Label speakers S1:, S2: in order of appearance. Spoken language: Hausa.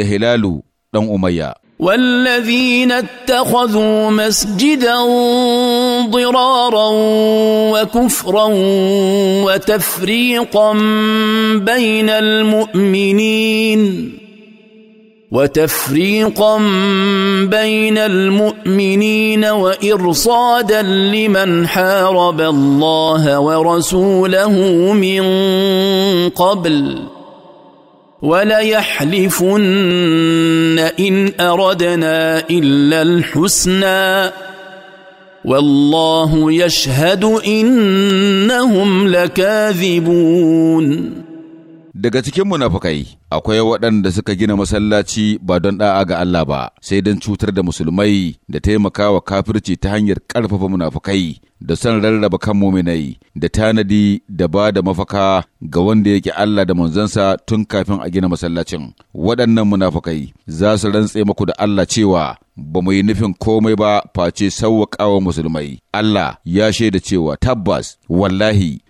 S1: da hilalu ɗan umayya
S2: والذين اتخذوا مسجدا ضرارا وكفرا وتفريقا بين المؤمنين وتفريقا بين المؤمنين وارصادا لمن حارب الله ورسوله من قبل وليحلفن ان اردنا الا الحسنى والله يشهد انهم لكاذبون
S1: Daga cikin munafukai akwai waɗanda suka gina masallaci ba don ɗa'a ga Allah ba, sai don cutar da musulmai da taimaka wa kafirci ta hanyar ƙarfafa munafukai da son rarraba kan muminai da tanadi da ba da mafaka ga wanda yake Allah da manzansa tun kafin a gina masallacin. Waɗannan munafukai za su rantse maku da Allah cewa ba mu yi nufin komai ba face sauwaƙawa musulmai. Allah ya shaida cewa tabbas wallahi